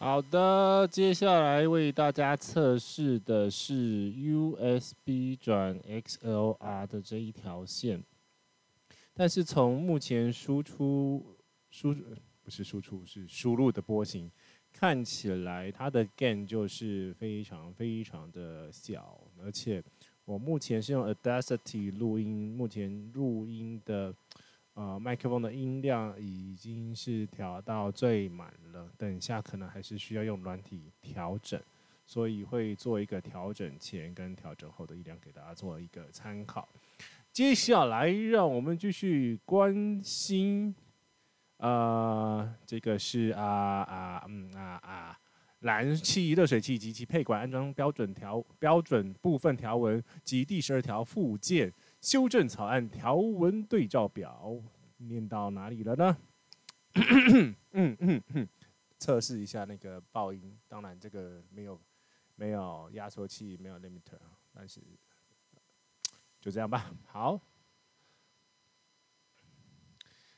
好的，接下來為大家測試的是 USB 轉 XLR 的這一條線，但是從目前輸出輸，不是輸出，是輸入的波形，看起來它的 Gain 就是非常非常的小，而且我目前是用 Audacity 錄音，目前錄音的。呃，麥克風的音量已經是調到最滿了，等一下可能還是需要用軟體調整，所以會做一個調整前跟調整後的音量給大家做一個參考。接下來讓我們繼續關心，呃，這個是啊啊嗯啊啊，燃氣熱水器及其配管安裝標準條標準部分條文及第十二條附件，修正草案條文對照表，念到哪裡了呢？ 嗯嗯嗯嗯、測試一下那個爆音，當然這個沒有沒有壓縮器，沒有 limiter，但是就這樣吧。好，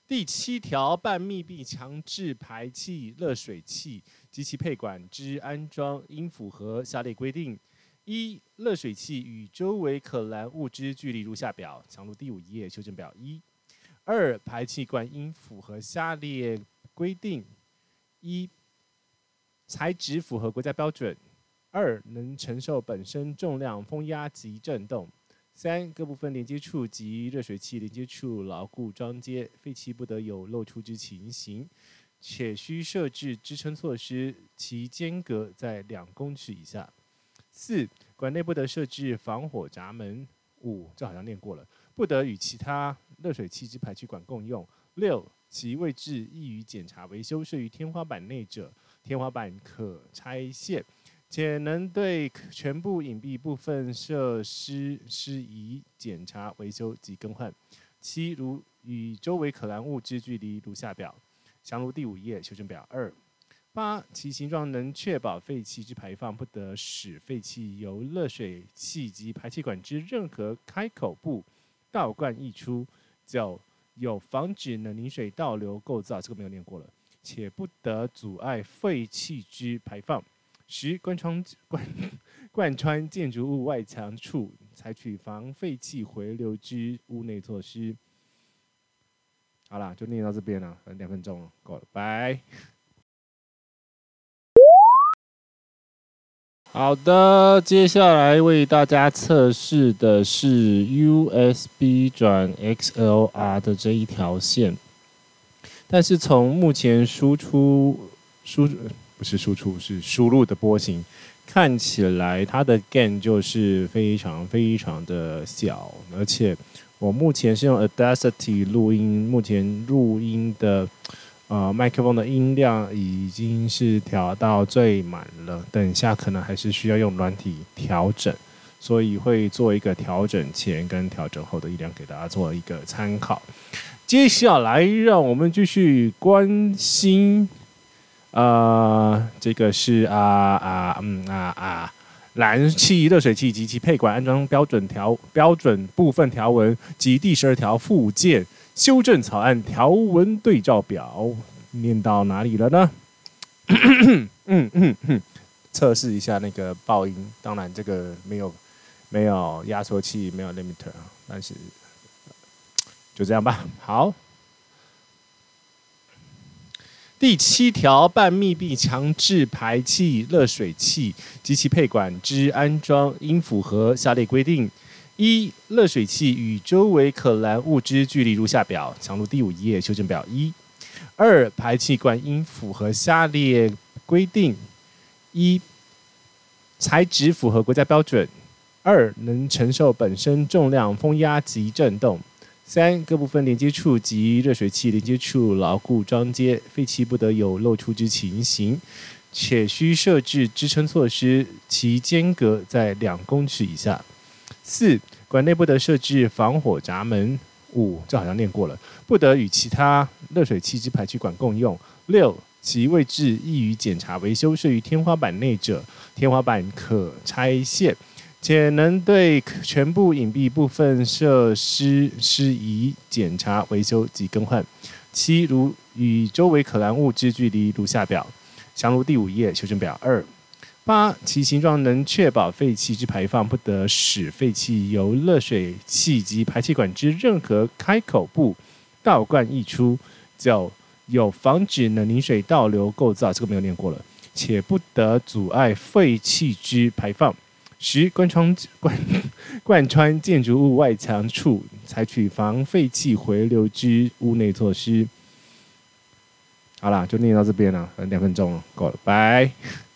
第七條，半密閉強制排氣熱水器及其配管之安裝，應符合下列規定。一、熱水器與周圍可燃物質距離如下表，強度第五頁修正表一。二、排氣管應符合下列規定：一、材質符合國家標準；二、能承受本身重量、風壓及震動；三、各部分連接處及熱水器連接處牢固裝接，廢氣不得有漏出之情形，且需設置支撐措施，其間隔在兩公尺以下。四管內不得設置防火閘門。五這好像念過了，不得與其他熱水器之排氣管共用。六其位置易於檢查維修，設於天花板內者，天花板可拆卸，且能對全部隱蔽部分設施施以檢查維修及更換。七如與周圍可燃物之距離如下表，詳如第五頁修正表二。八，其形狀能確保廢氣之排放，不得使廢氣由熱水器及排氣管之任何開口部倒灌溢出。九，有防止冷凝水倒流構造，這個沒有念過了。且不得阻礙廢氣之排放。十，關窗貫貫穿建築物外牆處，採取防廢氣回流之屋內措施。好啦，就念到這邊了，兩分鐘了，夠了，拜。好的，接下來為大家測試的是 USB 轉 XLR 的這一條線，但是從目前輸出輸，不是輸出，是輸入的波形，看起來它的 gain 就是非常非常的小，而且我目前是用 Audacity 錄音，目前錄音的。呃，麥克風的音量已經是調到最滿了，等一下可能還是需要用軟體調整，所以會做一個調整前跟調整後的音量給大家做一個參考。接下來，讓我們繼續關心，呃，這個是啊啊，嗯啊啊，燃氣熱水器及其配管安裝標準條標準部分條文及第十二條附件。修正草案條文對照表，念到哪裡了呢？ 嗯嗯嗯嗯、測試一下那個爆音，當然這個沒有沒有壓縮器，沒有 limiter 啊，但是就這樣吧。好，第七條，半密閉強制排氣熱水器及其配管之安裝，應符合下列規定。一、熱水器與周圍可燃物質距離如下表，強度第五頁修正表一。二、排氣管應符合下列規定：一、材質符合國家標準；二、能承受本身重量、風壓及震動；三、各部分連接處及熱水器連接處牢固裝接，廢氣不得有漏出之情形，且需設置支撐措施，其間隔在兩公尺以下。四，管內不得設置防火閘門。五，這好像念過了，不得與其他熱水器之排氣管共用。六，其位置易於檢查維修，設於天花板內者，天花板可拆卸，且能對全部隱蔽部分設施施以檢查維修及更換。七，如與周圍可燃物之距離如下表，詳如第五頁修正表二。八，其形狀能確保廢氣之排放，不得使廢氣由熱水器及排氣管之任何開口部倒灌溢出。九，有防止冷凝水倒流構造，這個沒有念過了，且不得阻礙廢氣之排放。十，貫穿貫貫穿建築物外牆處，採取防廢氣回流之屋內措施。好啦，就念到這邊了，兩分鐘了夠了，拜，拜。